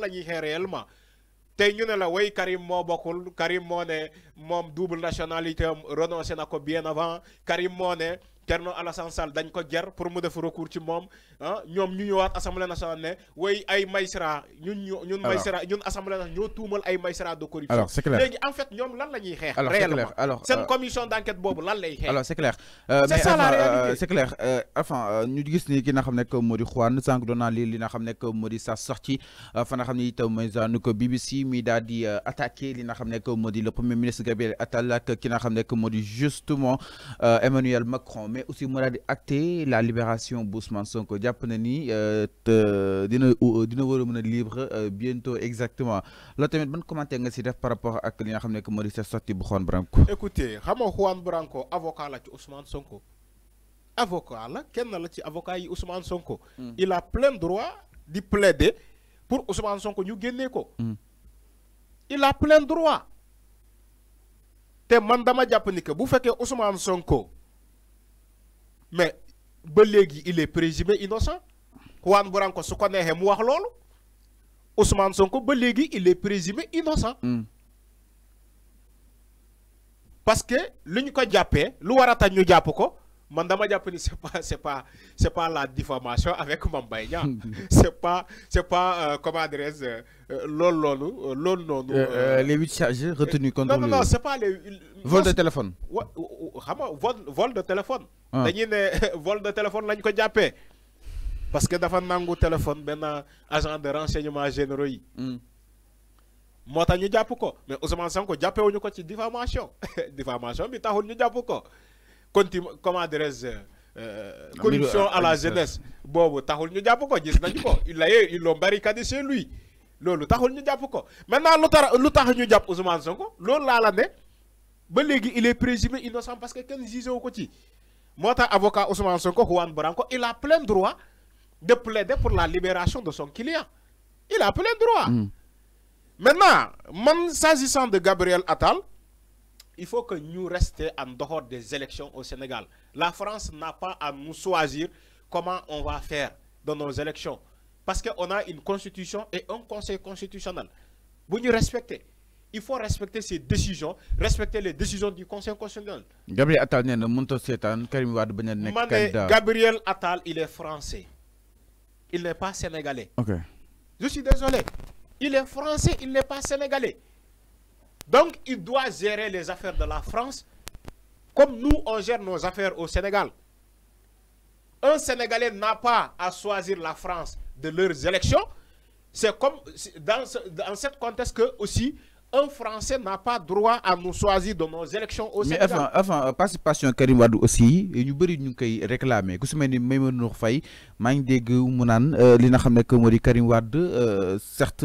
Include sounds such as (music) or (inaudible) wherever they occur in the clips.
la ñuy xeex réellement tey ñu ne la way Karim moo bokkul Karim moone ne moom double nationalité am renoncé na ko bien avant Karim moo Alassane Sall dañ ko pour mu def recours ci mom ah ñu ñëwaat assemblée nationale way ay ñun ñun nationale de corruption. alors c'est en fait lan alors c'est euh, commission d'enquête c'est clair. Euh, c'est ça la euh, réalité c'est clair enfin ñu gis ni ki le premier ministre justement Emmanuel Macron mais aussi mu la libération Ousmane Sonko jàpp na euh, euh, dina euh, dina libre bientôt exactement loolu tamit ban commentaire nga par rapport à li nga xamné que Maurice di sorti Juan Branco. écoutez Juan Branco avocat la Ousmane Sonko avocat la la avocat Ousmane Sonko. Hmm. il a plein droit de plaider pour Ousmane Sonko ñu ko. Hmm. il a plein droit. té man dama jàpp ni que bu Ousmane Sonko mais il est présumé innocent Juan Bouranko, su qu'on mu wax Ousmane Sonko il est présumé innocent. Hmm. parce que le ko c'est pas la diffamation avec Mambaya. (laughs) c'est pas c'est pas comment les huit contre non non c'est pas les. vol de téléphone vol de téléphone. Ah. ne (laughs) vol de téléphone parce que dafa nangu téléphone un agent de renseignement généraux moi je ne ñu pas ko mais Ousmane ko ci diffamation (laughs) diffamation bi taxul ñu ko conti comment dirais-je. Euh, à la jeunesse bon il a barricadé chez lui maintenant lu lu tax ñu ne Ousmane ne il est présumé innocent parce que avocat Ousmane Juan Branco il a plein droit de plaider pour la libération de son client il a plein droit. Mm. maintenant s'agissant de Gabriel Attal il faut que nous restions en dehors des élections au Sénégal la France n'a pas à nous choisir comment on va faire dans nos élections parce que on a une constitution et un conseil constitutionnel Vous nous respectez il faut respecter ses décisions respecter les décisions du conseil constitutionnel. Gabriel Attal il est français. il n'est pas sénégalais. je suis désolé. il est français il n'est pas sénégalais. donc il doit gérer les affaires de la France comme nous on gère nos affaires au Sénégal. un Sénégalais n'a pas à choisir la France de leurs élections. c'est comme dans ce, cette contexte que aussi un Français n'a pas droit à nous choisir dans nos élections au Sénégal. Mais avant, euh, participation Karim aussi nous réclamer certes.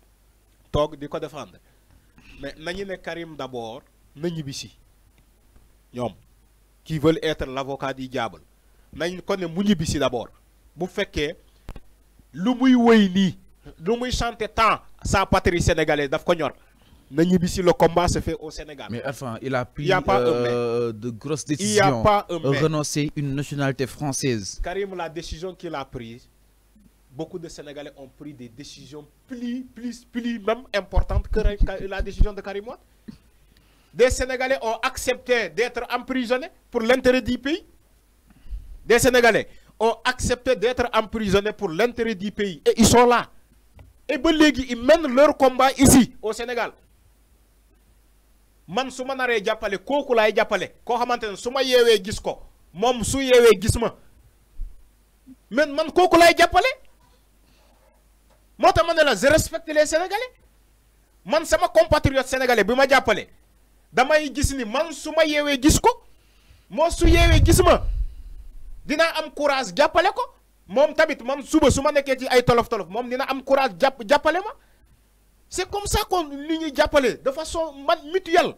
de quoi défendre mais nañu ne Karim d'abord na ñibbisi ñom qui veulent être l'avocat du diable nañ ko ne mu ñibbisi d'abord bu fekkee lu muy wëy ni lu muy chanter tant sa patrie sénégalaise daf ko ñor na le combat se fait au Sénégal. mais enfin il a pris euh, de grosses décisions il n'y a pas mais renoncer une nationalité française. Karim la décision qu'il a prise beaucoup de Sénégalais ont pris des décisions plus, même importantes que la décision de Karim Des Sénégalais ont accepté d'être emprisonnés pour l'intérêt du pays. Des Sénégalais ont accepté d'être emprisonnés pour l'intérêt du pays. Et ils sont là. Et ils mènent leur combat ici, au Sénégal. man je je je respecte les sénégalais man compatriote sénégalais je ma damay gis ni man ne ma yeewee ko moo am courage ko mom tabit, man ma ci ay tolof tolof dina am courage japp ma c'est comme ça qu'on li ñuy de façon mutuelle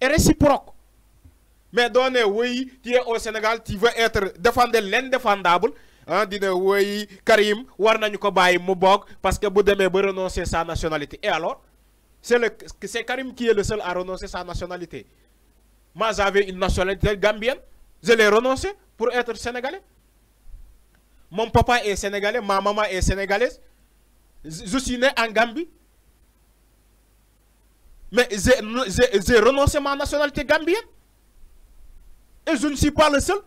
et réciproque mais oui tu es au Sénégal tu veux être défendre l'indéfendable ah, dina woy Karim war nañ ko baye mu parce que bu démé ba sa nationalité et alors c'est Karim qui est le seul à renoncer sa nationalité moi j'avais une nationalité gambienne je l'ai renoncé pour être sénégalais mon papa est sénégalais ma maman est sénégalaise je suis né en Gambie mais j'ai renoncé ma nationalité gambienne et je ne suis pas le seul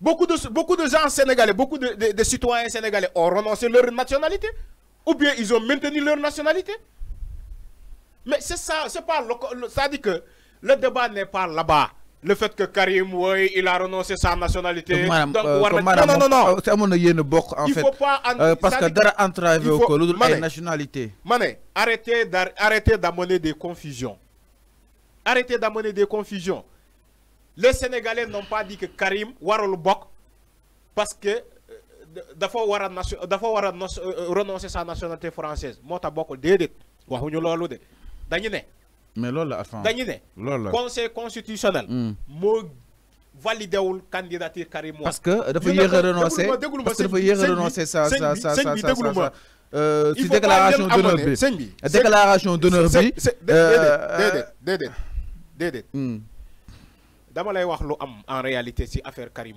Beaucoup de, beaucoup de gens sénégalais, beaucoup de, citoyens sénégalais ont renoncé leur nationalité. Ou bien ils ont maintenu leur nationalité. Mais c'est ça, c'est pas... ça dit que le débat n'est pas là-bas. Le fait que Karim il a renoncé sa nationalité. Euh, euh, madame, non, non, non, non. Euh, il faut pas... parce que d'ara au la nationalité. arrêtez d'amener des confusions. Arrêtez d'amener des confusions les Sénégalais n'ont pas dit que Karim warul bokk parce que euh, dafa war dafa war euh, euh, renoncer sa nationalité française Mota tax bokkul déedéet waxuñu loolu de dañu mais loolu la dañu ne. conseil constitutionnel. Hmm. moo validé wul candidature Karim. parce que dafa yéex renoncer parce que dafa yéex a renoncer sa sa sa sa sa. ci déclaration d'honneur bi déclaration d'honneur bi. déedéet déedéet déedéet. Hmm. D'abord, wax lu en réalité ci affaire Karim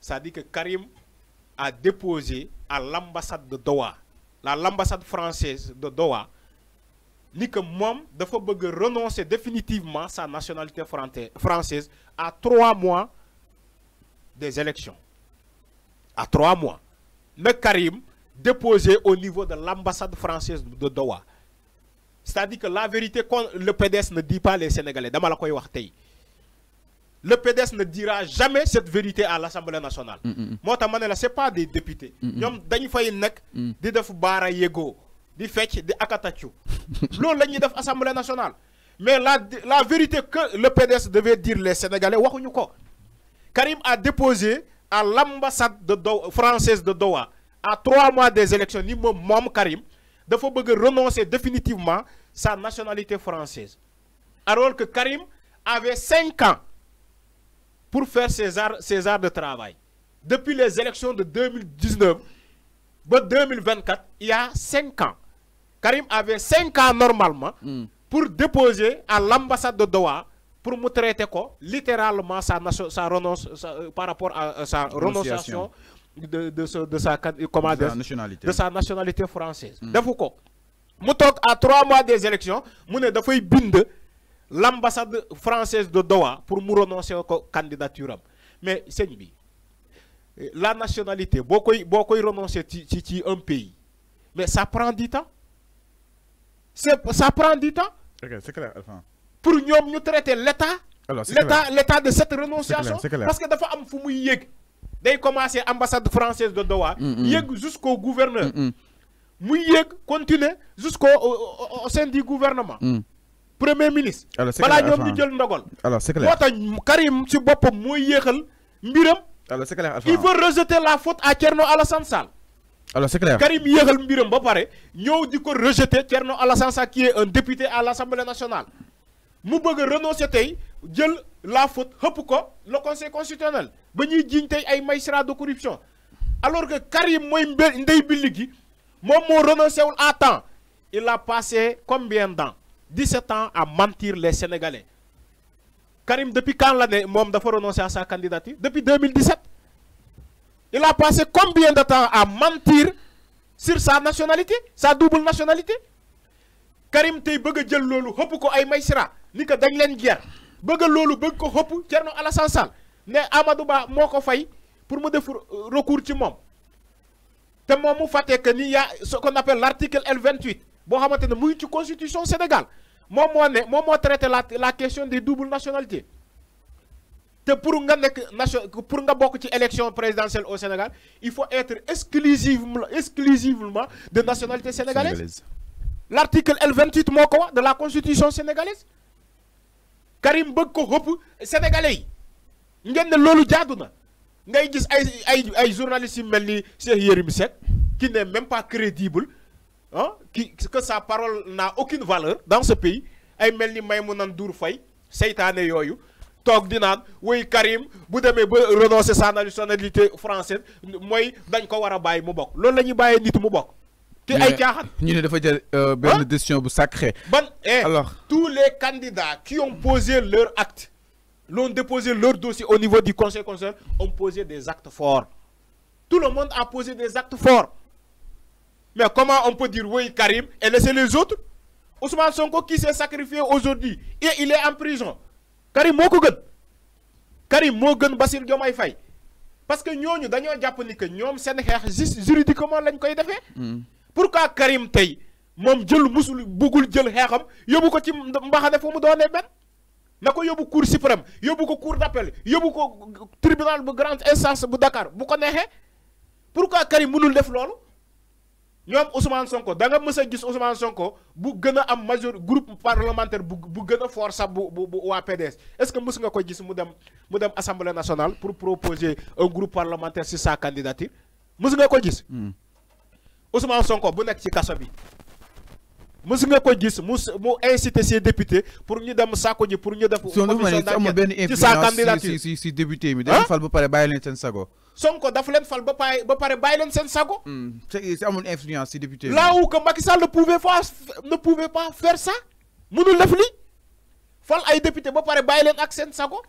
c'est-à-dire que Karim a déposé à l'ambassade de Doha la l'ambassade française de Doha ni que moi dafa bëgg renoncer définitivement sa nationalité française à trois mois des élections à trois mois Le Karim déposé au niveau de l'ambassade française de Doha c'est-à-dire que la vérité le PDS ne dit pas les Sénégalais Je koy dire le PDS ne dira jamais cette vérité à l'Assemblée nationale. Mm, mm, mm. Moi, tax la c'est pas des députés. ñoom dañu fay nekk. di def baara de di choses, di akataccu (laughs) loolu la Assemblée nationale mais la vérité que le PDS devait dire les Sénégalais waxuñu ko. Karim a déposé à l'ambassade française de Doha à trois mois des élections ni moom mom Karim dafa bëgg renoncer définitivement sa nationalité française alors que Karim avait cinq ans pour faire césar césar de travail. Depuis les élections de 2019 2024, il y a 5 ans. Karim avait 5 ans normalement hmm. pour déposer à l'ambassade de Doha pour montrer traiter quoi, littéralement sa, sa renonce euh, par rapport à, euh, sa renonciation de, sa, nationalité. sa nationalité française. Mm. Defu à 3 mois des élections mu de l'ambassade française de Doha pour me renoncer la candidature mais c'est la nationalité si koy renoncent à un pays mais ça prend du temps ça prend du temps. c'est clair pour nous nous traiter l'état. l'état de cette renonciation. parce que dafa am y muy Dès day commencer ambassade française de Doha. Mm, mm. jusqu'au gouverneur. Mm, muy yéeg continuer jusqu'au sein du gouvernement premier ministre. balaa ñoom ñu jël alors c'est clair Karim si boppam mooy Mirem, il veut rejeter la faute à Thierno Alassane Sal. alors c'est clair Karim yéexal mbiram ba pare ñëw du coup rejeter Thierno Alassane Sal, qui est un député à l'Assemblée nationale. mu bëgg renoncer à jël la faute xëpp ko le conseil constitutionnel ba ñuy jiiñ tey ay magistrats de corruption alors que Karim mooy il ndey renoncé à temps il a passé combien de temps. 17 ans à mentir les Sénégalais. Karim, depuis quand l'année, Mom a renoncé à sa candidature Depuis 2017. Il a passé combien de temps à mentir sur sa nationalité, sa double nationalité Karim tey bëgg a jël loolu ko ay maysira ni ko dañ leen ger bëgg loolu tu ko xëpp Thierno Alassane Sall ne Amadou Ba moo fay pour que def recours ci Mom. te moi. Je que ni ya ce qu'on appelle l'article L28 boo xamante ne constitution Sénégal moi, je traite la la question des doubles nationalités pour nga pour nga ci élection présidentielle au Sénégal il faut être exclusivement exclusivement de nationalité sénégalaise l'article L28 de la constitution sénégalaise Karim il ko hop sénégalais yi ngeen ne loolu ngay gis ay ay ay journalistes melni Cheikh Yérim qui n'est même pas crédible hein, qui, que sa parole n'a aucune valeur dans ce pays ay melni ni Maïmouna Ndour Faye seytaane yooyu toog di naan wuy Karim bu demee ba renoncer sa nationalité française moy dañ ko wara a mu bok loolu lañu baye bàyyee nit mu bok te ay tiaxat ñu né dafa jël euh, hein? benn décision bu sacré ban eh, alors tous les candidats qui ont posé leur acte l'ont déposé leur dossier au niveau du conseil constitutionnel ont posé des actes forts tout le monde a posé des actes forts. Mais comment on peut dire oui Karim et laisser les autres Ousmane Sonko qui s'est sacrifié aujourd'hui et il est en prison. Karim moo Karim moo gën Bassirou Diomaye Faye parce que nous dañoo jàpp ni que nous seen xeex juste juridiquement lañ koy defee. Mm. pourquoi Karim tey moom jël musul buggul jël de yóbbu ko ci mbaxane fu mu doonee benn na beaucoup de cour suprême beaucoup de cour d'appel beaucoup ko tribunal de grande instance bu Dakar bu ko pourquoi Karim mënul def loolu. é Ousmane Sonko da nga mës a gis Ousmane Sonko bu gën a am major groupe parlementaire bu bu gën a fort sax bu bu waa PDS est-ce que mës nga ko gis mu dem mu dem assemblée nationale pour proposer un groupe parlementaire sur sa candidature mës nga ko gis. Hmm. Ousmane Sonko bu nekk ci kaso bi. mës nga ko gis mu mu inciter ses députés pour ñu dem sàkku ji pour ñu def. commission d' enquête ci sa candidature si si si député mi. dañu fal ba pare bàyyi leen seen sago. Sonko dafa leen fal ba pare ba pare bàyyi leen seen sago. c'est hmm, amul influence ci député là où que Macky Sall ne pouvait pas ne pouvait pas faire ça mënul def li fal ay député ba pare bàyyi leen ak sen sago